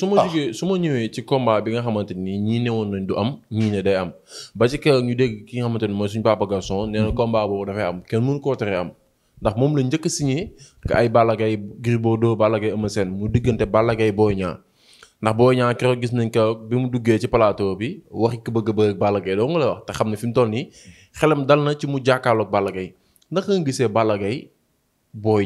su ma ah. jógee su ma ñëwee ci combat bi nga xamante ni ñii woon nañ du am ñii ne day am ba ci keroog ñu dégg ki nga xamante ni mooy suñu papa Gaston nee na hmm. combat boobu dafay am kenn mënu koo teree am ndax moom la njëkk a signé ay ballagay Gaye Gris Bordeaux Balla Gaye Eumeu Sène mu diggante ballagay Gaye ñaa ndax Boy ñaa keroog gis nañ ko bi mu duggee ci plateau bi waxi ko bëgg a bëgg Balla Gaye dong la wax te xam ne fi mu toll nii xelam dal na ci mu jàkkaarloog Balla Gaye naka gisee Balla Gaye Boy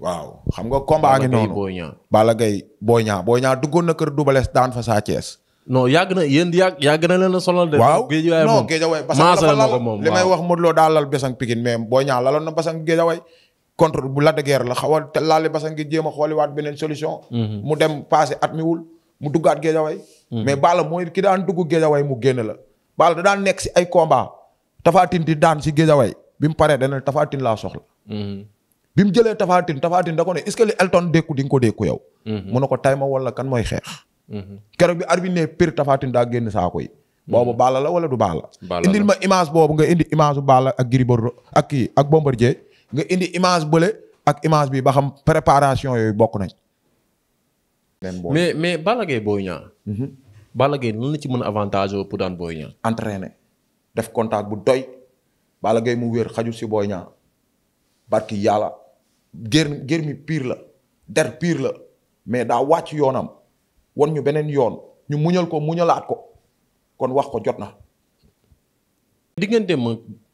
waaw xam nga combat ngi noonu Balla Gaye Boy Niang Boy Niang duggoon na kër Double daan fa Sa Thiès non yàgg na yéen yàgg yàgg na leen a solal de waaw géejawaay non géejawaay basang li may wax Modou Lo daal lal basang Pikine mais Boy Niang laloon na basang géejawaay contre bu Lac de Guiers xaw a laali basang gi jéem a xooliwaat beneen solution mhm. mu dem passé at mi wul mu duggaat géejawaay mhm. mais Balla mooy ki daan dugg géejawaay mu génn la Balla da daan nekk si ay combat Tapha Tine di daan si géejawaay bi mu paree dana Tapha laa soxla mhm. bi mu jëlee tafaatin tafaatin da ko ne est-ce que li Elton dékku di ko dékku yow. Mhm. mu ne ko tay ma wala kan mooy xeex. Mhm. keroog bi arbin ne pire tafaatin daa génn saako yi. Mhm. boobu baala la wala du baala. indil ma image boobu nga indi image bu baala ak Gris Bordeaux ak kii ak Bombardier nga indi image bële ak image ba xam préparation yooyu bokk nañ. mais mais Balla Gaye Boy Niang. Balla Gaye la ci mën avantage pour daan Boy Niang. entraîner def contact bu doy Balla Gaye mu wér xaju si Boy Niang. barki yàlla gér gér piir la der piir la mais daa wàcc yoonam wan ñu beneen yoon ñu muñal ko muñalaat ko kon wax ko jot na. digganteem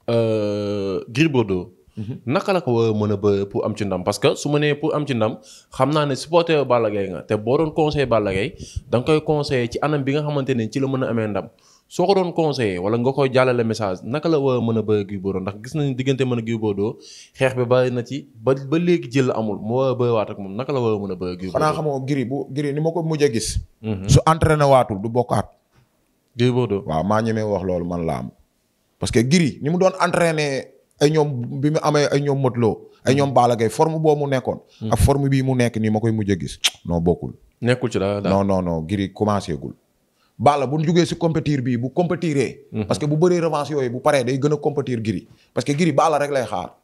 euh, ak Gris Bordeaux mhm. naka la ko war a mën a ba pour am ci ndam parce que su ma nee pour am ci ndam xam naa ne supporter Balla Gaye nga te boo doon conseil Balla Gaye da koy conseillé ci anam bi nga xamante ne ci la mën a amee ndam. soo ko doon conseillé wala nga koy jàllale message naka la war a mën a bëri Gris Bordeaux ndax gis nañu diggante mën a Gris Bordeaux xeex bi bari na ci ba ba léegi jël amul mu war a bëriwaat ak moom naka la war a mën a bëri Gris Bordeaux xanaa xamoo Gris bu Gris ni ma ko mujj a gis mhm. su entraîné waatul du bokkaat Gris Bordeaux waaw maa ñemee wax loolu man la am parce que Gris ni mu doon entraîné ay ñoom bi mu amee ay ñoom Modou Lo ay ñoom Balla Gaye forme boo mu nekkoon mhm. ak forme bii mu nekk nii ma koy mujj a gis non bokkul nekkul ci dara non non non Gris commencé gul baala bu jógee si compétir bii bu compétiree. Mhm. parce que bu bëree revanche yooyu bu paree day gën a compétir giri parce que giri Balla rek lay xaar.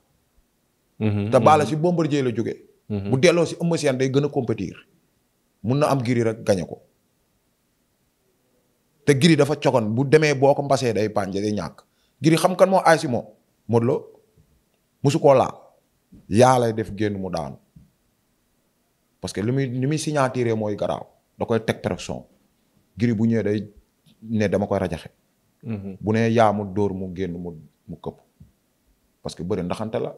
Mhm, te mhm. Balla si Bombardier la jóge bu delloo si Eumeu Sène day gën a compétir. mun na am giri rek gañe ko. te giri dafa cogoon bu demee boo ko mbasee day pànje day ñàkk giri xam kan moo aay si moom Modou Lo musu koo laa yaa lay def génn mu daanu parce que li muy li muy signature mooy garaaw da koy teg pression. Gris bu ñëwee day ne dama koy rajaxe mhm. bu ne yaa mu dóor mu génn mu mu këpp parce que bëri ndaxante la